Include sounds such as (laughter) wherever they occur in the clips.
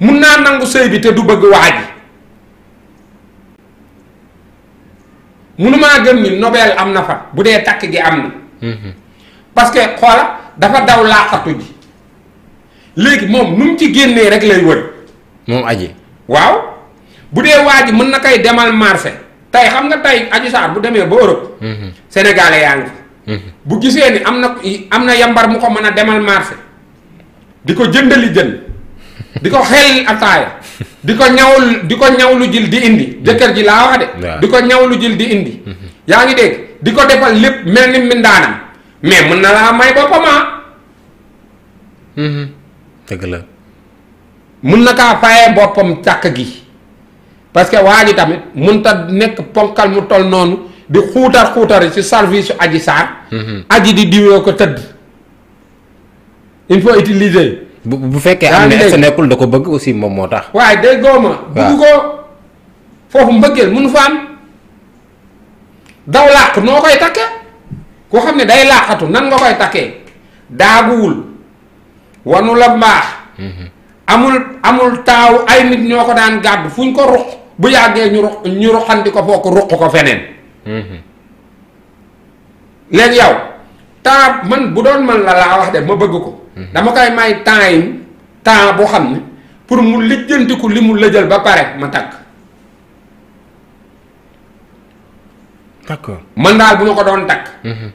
mun naa nangu sëy bi te du bëgg waa ji munumaa gëm ni nobel am na fa bu dee takk gi am na mhm. parce que xoola dafa daw laaxatu ji léegi moom nu mu ci génnee rek lay wër moom aji waaw bu dee waa ji mën na koy demal marché tey xam nga tey Adji Sarr bu demee ba Europe mhm. sénégalais yaa ngi mhm. bu gisee ni am na am na yambar mu ko mën a demal marché di ko jëndali jën di ko xel ataaya di ko ñawul di ko lu jil di indi jëkkër ji laa wax de di ko ñawlu jil di indi yaa ngi dégg di ko defal lépp mel ni mbindaanam mais mën na laa may boppam ah. dëgg la mun na kaa fayee boppam càkk gi parce que waa ji tamit mun ta nekk ponkal mu tol noonu di xuutar xuutar si service aji saar mhm. aji di diwee ko tëdd il faut utiliser bu bu fekkee am na nekkul da ko bëgg aussi moom moo tax. waaye day gooma bëgg ko foofu mbëggeel mënu daw làq noo koy takkee koo xam ne day làqatu nan nga koy takkee daaguwul wanu la mbaax. Mhm. amul amul taaw ay nit ñoo ko daan gàddu fuñ ko ruq bu yàggee ñu ruq ñu ruqandi ko foo ko ruq ko feneen. Mhm. léegi yow taa man bu doon man la laa wax de ma bëgg ko. Mm-hmm. dama koy may temps yi temps boo xam ne pour mu lijjantiku li mu lëjal ba pare ma takk. d'accord man daal bu ma ko doon takk. Mm-hmm.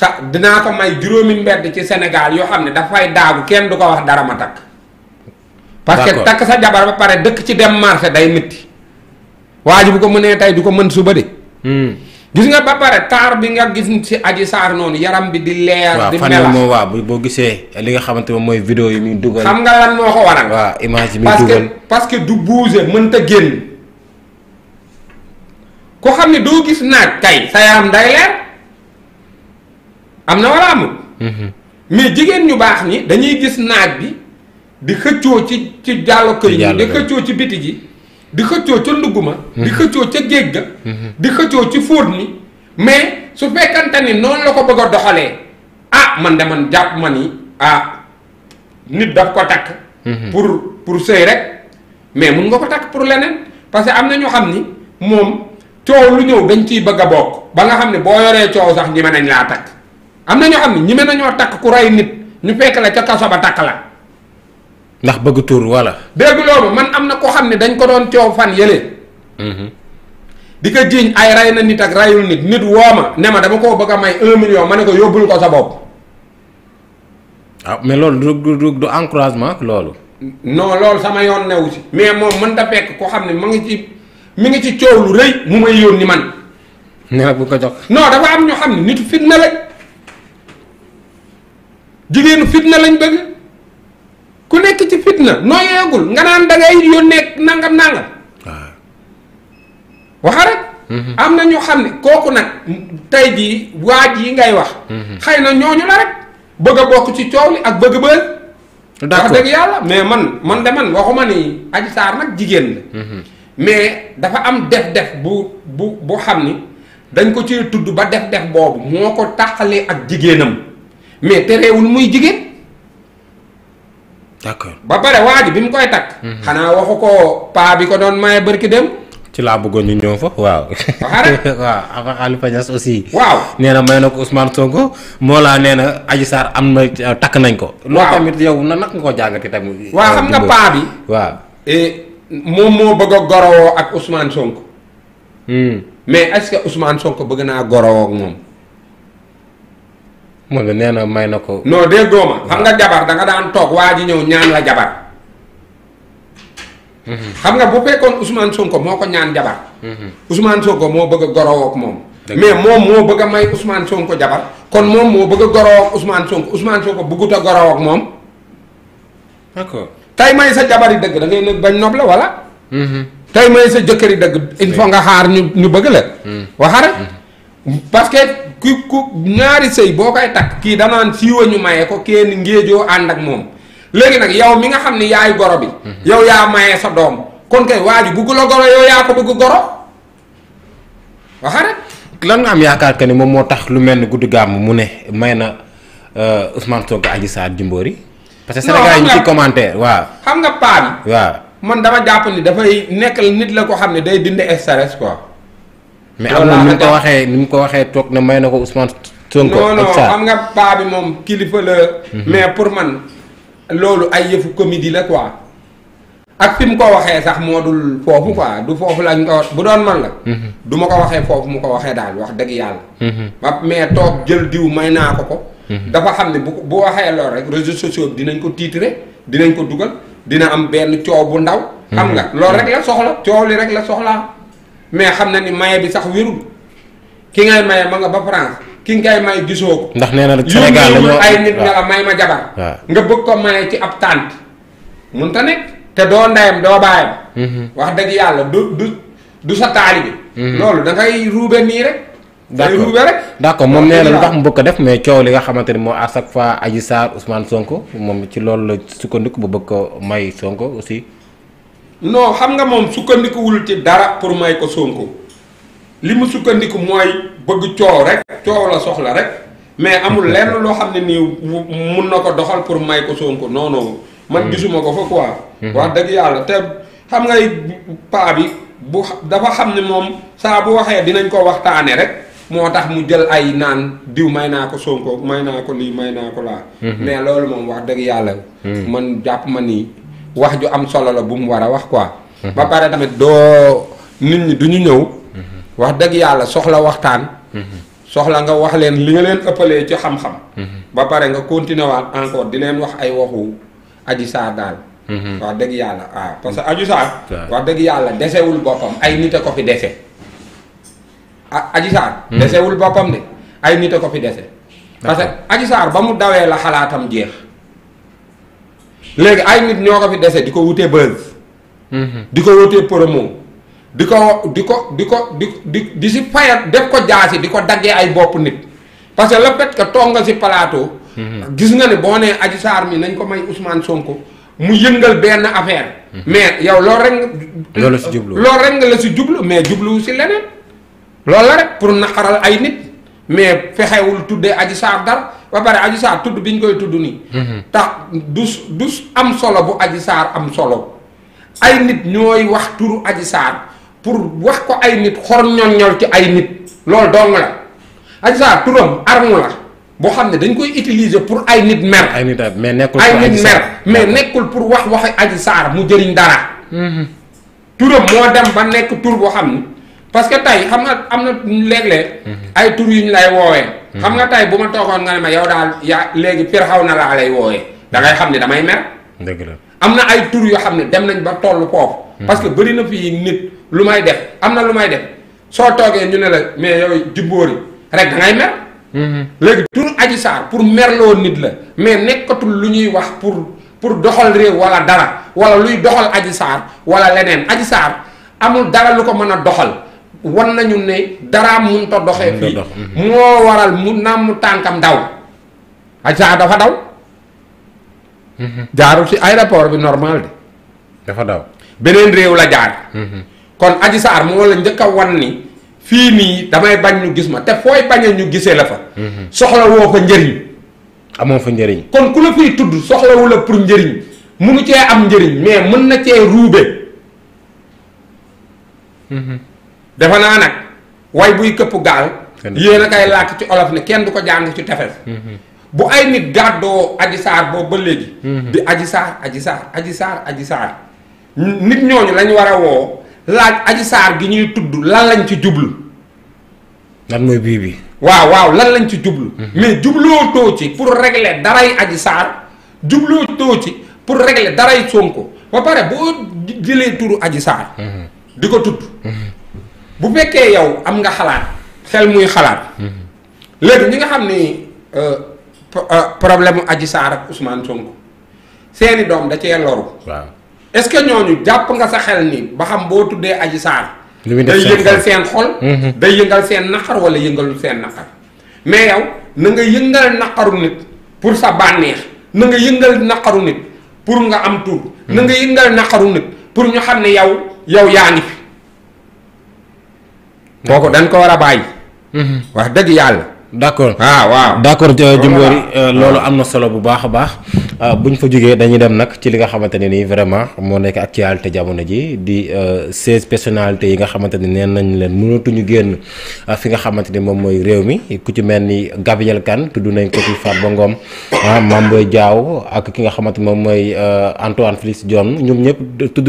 sa dinaa ko may juróomi mbedd ci Sénégal yoo xam ne dafay daagu kenn du ko wax dara ma takk. parce que takk sa jabar ba pare dëkk ci dem marché day metti waa ji bu ko mënee tey du ko mën suba de. Mm. gis nga ba pare taar bi nga gis ci aji saar noonu yaram bi di leer. di melax waaw moom waaw boo gisee li nga xamante moom mooy video yi muy dugal. xam nga lan moo ko waral. waaw image bi muy parce que du bouger mënta génn ku xam ne doo gis naaj kay sa yaram day leer am na wala mhm. mais jigéen ñu baax ñi dañuy gis naaj bi di xëccoo ci ci jàllo kër yi di xëccoo ci biti ji. di xëccoo ca ma di mhm. xëccoo ca géej ga mhm. di xëccoo ci fóot ni mais su fekkante ni noonu la ko bëgg a doxalee ah man de man jàpp ma ni ah nit daf ko takk mhm. pour pour sëy rek mais mun nga ko takk pour leneen parce que am na ñoo xam ni moom coow lu ñëw dañ ciy bëgg a bokk ba nga xam ne boo yoree coow sax ñi mën nañ laa takk am na ñoo xam ne ñi nañoo takk ku rey nit ñu fekk la ca kaso ba takk la ndax bëgg tur voilà. dégg loolu man am na koo xam ne dañ ko doon coow fan yële. Mhm. di ko jiiñ ay rey na nit ak reyul nit nit woo ma ne ma dama koo bëgg a may un million ma ne ko yóbbul ko sa bopp. waaw ah, mais loolu du du du encouragement loolu. non loolu sama yoon newu ci. mais moom mën da fekk koo xam ne mu ngi ci mi ngi ci coow lu rëy mu may yónni man. ne bu ko jox. non dafa am ñoo xam ne nit fitna lañ jigéenu fitna lañ bëgg. na nooyeegul nga naan da ngay nekk nanga nangam. wax rek. Mm-hmm. am na ñu xam ne kooku nag tey jii waaj yi ngay wax. Mm-hmm. xëy na ñooñu la rek bëgg a bokk ci coow li ak bëgg bëri. d'accord wax yàlla mais man man de man waxuma ni Adji Sarr nag jigéen la. Mm-hmm. mais dafa am def-def bu bu bu xam ni dañ ko ci tudd ba def-def boobu moo ko taxalee ak jigéenam mais te terewul muy jigéen. d'accord ba pare waa ji bi mu koy takk. Mhm. xanaa waxu ko paa bi ko doon maye bërki dem. ci laa bëggoon ñu ñëw fa waaw. (laughs) waaw ak Khalifa aussi. waaw nee na may na ko Ousmane Sonko moo laa nee na Adji Sarr am na euh, takk nañ ko. loo loolu yow na ko jàngati tamit. waaw xam nga euh, paa bi. waaw eh, moom moo bëgg a gorowoo ak Ousmane Sonko. Hmm. mais est-ce que Ousmane bëgg naa gorowoo ak moom. moom it nee na may na ko. non dégg ma xam nga jabar danga nga daan toog waa ji ñëw ñaan la jabar. Mhm. xam nga bu fekkoon Ousmane Sonko moo ko ñaan jabar. Mhm. Ousmane Sonko moo bëgg a gorowoo ak moom. mais moom moo bëgg a may Ousmane Sonko jabar kon moom moo bëgg a gorowoo ak Ousmane Sonko Ousmane Sonko bëggut a gorowoo ak moom. tay tey may sa jabar yi dëgg dangay ngay bañ nob la wala. Mhm. tey may sa jëkkër yi dëgg il faut nga xaar ñu ñu bëgg la. waxare parce que. ku ku ñaari sëy boo koy takk kii danaan siiwa ñu maye ko kenn ngéejoo ànd ak moom léegi nag yow mi nga xam ne yaay goro bi mhm. yow yaa maye sa doom kon kay waa ji bëggu la goro yow yaa ko bëgg goro waxa rek lan nga am yaakaar que ni moom moo tax lu mel ni guddi gàmm mu ne may na euh, Ousmane Sonko Adji Sarr Jimbori parce que Sénégal yi ñu ci commentaire waaw xam nga paa bi waaw man dama jàpp ni dafay nekk nit la ko xam ne day dindi stress quoi mais am na ni mu ko waxee ni mu ko waxee toog na may na ko Ousmane Sonko. non non xam nga paa bi moom kilifa la. Mhm. mais pour man loolu ay yëfu comédie la quoi. ak fi mu ko waxee sax moo dul foofu quoi du foofu lañ ko bu doon man la. Mhm. du ma ko waxee foofu mu ko waxee daal wax dëgg yàlla. ba mhm. mais toog jël diw may naa ko ko. dafa xam ne bu bu waxee loolu rek réseaux sociaux bi dinañ ko tiitrer dinañ ko dugal dina am benn coow bu ndaw. xam nga loolu rek la soxla coow li rek mais xam na ni maye bi sax wérul ki ngay maye ma nga ba France ki ngay maye gisoo ko. ndax nee na Sénégal dañoo ay nit ne la may ma jabar. nga bëgg ko maye ci ab tànt mun ta nekk te doo ndeyam doo baayam. Mhm. wax dëgg yàlla du du du sa taalibi. Mhm. loolu da ngay ruube nii rek. d' accord d' accord moom nee na lu tax mu bëgg ko def mais coow li nga xamante ni moo à chaque fois Adji Sarr Ousmane Sonko moom ci loolu la sukkandiku bu bëgg ko may Sonko aussi. non xam nga moom sukkandikuwul ci dara pour may ko Sonko li mu sukkandiku mooy bëgg coow rek coow la soxla rek mais amul lenn loo xam ne nii mun na ko doxal pour may ko Sonko non non man hmm. gisuma ko fa quoi. Hmm. wax dëgg yàlla te xam ngay paa bi bu dafa xam ne moom saa bu waxee dinañ ko waxtaane rek moo tax mu jël ay naan diw may naa ko Sonko may naa ko lii may naa ko laa. Hmm. mais loolu moom wax dëgg yàlla. man jàpp ma nii. wax ju am solo la bu mu war a wax quoi. Mhm. ba pare tamit doo nit ñi du ñu ñëw. Mhm. wax dëgg yàlla soxla waxtaan. Mhm. soxla nga wax leen li nga leen ëppalee ci xam-xam. ba pare nga continuer waat encore di leen wax ay waxu Adji Sarr daal. wax dëgg yàlla waaw parce que Adji Sarr. wax dëgg yàlla desewul boppam ay nit a ko fi dese. ah Adji desewul boppam de ay nit a ko fi dese. parce que Adji Sarr ba mu dawee la xalaatam jeex. léegi ay nit ñoo ko fi dese di ko wutee buzz. di ko wutee promo. di ko di ko di ko di di di si fayat def ko jaasi di ko daggee ay bopp nit parce que le fait que toog nga si plateau. gis nga ne boo nee Adji Sarr mi nañ ko may Ousmane Sonko mu yëngal benn affaire. mais yow loolu rek nga. loolu si jublu loolu rek nga la si jublu mais jubluwu si leneen. loolu la rek pour naqaral ay nit. mais fexewul tuddee Adji Sarr dara ba pare Adji Sarr tudd bi ñu koy tudd nii. Mhm. tax du du am solo bu Adji Sarr am solo ay nit ñooy wax turu Adji Sarr pour wax ko ay nit xor ñoññol ci ay nit loolu dong la Adji Sarr turam arme la boo xam ne dañ koy utiliser pour ay nit mer. ay nit mais nekkul ay nit mer mais nekkul pour wax waxi Adji Sarr mu jëriñ dara. Mhm. turam moo dem ba nekk tur boo xam ne parce que tey xam nga am na léeg-léeg mhm. ay tur yu ñu lay woowee. Mhm. xam nga tey bu ma toogoon nga ne ma yow daal ya léegi per xaw na laa lay woowee da ngay xam ne damay mer. dëgg am na ay tur yoo xam ne dem nañ ba tollu foofu. Mhm. parce que bëri na fii nit lu may def am na lu may def soo toogee ñu ne la mais yow jimbóori rek da ngay mer. léegi tur aji saar pour merloo nit la mais nekkatul lu ñuy wax pour pour doxal réew wala dara wala luy doxal aji saar wala leneen aji saar amul dara lu ko mën a doxal. wan nañu ne dara mënut a doxee fii mhm. moo waral mu nàmm tànkam daw Adja dafa daw mhm. jaarul ci aéroport bi normal de dafa daw beneen réew la jaar mhm. kon Adji Sarr moo la njëkk a wan ni fii nii damay bañ ñu gis ma te fooy bañee ñu gisee la fa soxla woo fa njëriñ amoo fa njëriñ kon ku la fiy tudd soxlawu la pour njëriñ munu cee am njëriñ mais mën na cee ruube defe naa nag way buy këpp gaal yéen a kay làkk ci olof ne kenn du ko jàng ci tefes mm-hmm. bu ay nit gàddoo aji saar boobu ba léegi mm-hmm. di aji saar aji saar aji saar nit ñooñu lañu war a woo laaj aji saar gi ñuy tudd lan lañ ci jublu lan mooy bii bi waaw waaw lan lañ ci jublu mm-hmm. mais jubloo too ci pour régler daray aji saar jubloo too ci pour régler daray Sonko ba pare boo jëlee turu aji saar di ko tudd bu fekkee yow am nga xalaat xel muy xalaat. Mm-hmm. léegi ñi nga xam ni euh, euh, problème mu Adji Sarr ak Ousmane seeni doom da cee loru. waaw ce que ñooñu jàpp nga sa xel ni ba xam boo tuddee Adji Sarr. day yëngal seen xol. Mm-hmm. day yëngal seen naqar wala yëngalul seen naqar. mais yow na nga yëngal naqaru nit pour sa bànneex na nga yëngal naqaru nit pour nga am tur. na nga mm-hmm. yëngal naqaru nit pour ñu xam ne yow yow yaa ngi kooku dañ ko war a bàyyi. Mhm. waa dëgg yàlla. d' accord ah waaw d' accord loolu euh, ah. am na solo bu baax a baax. Ah, bu ñu fa jógee dañuy dem nag ci li nga xamante ne nii vraiment moo nekk actualité jamono ji di euh, seize personnalités yi nga xamante ne neen nañ leen mënatuñu génn ah, fi nga xamante ni moom mooy réew mi ku ci mel ni Gabriel Kane tudd nañ ko ci Fatba Ngom ah Mame jaaw ak ki nga xamante moom mooy euh, Antoine Félix Diome ñoom ñëpp tudd.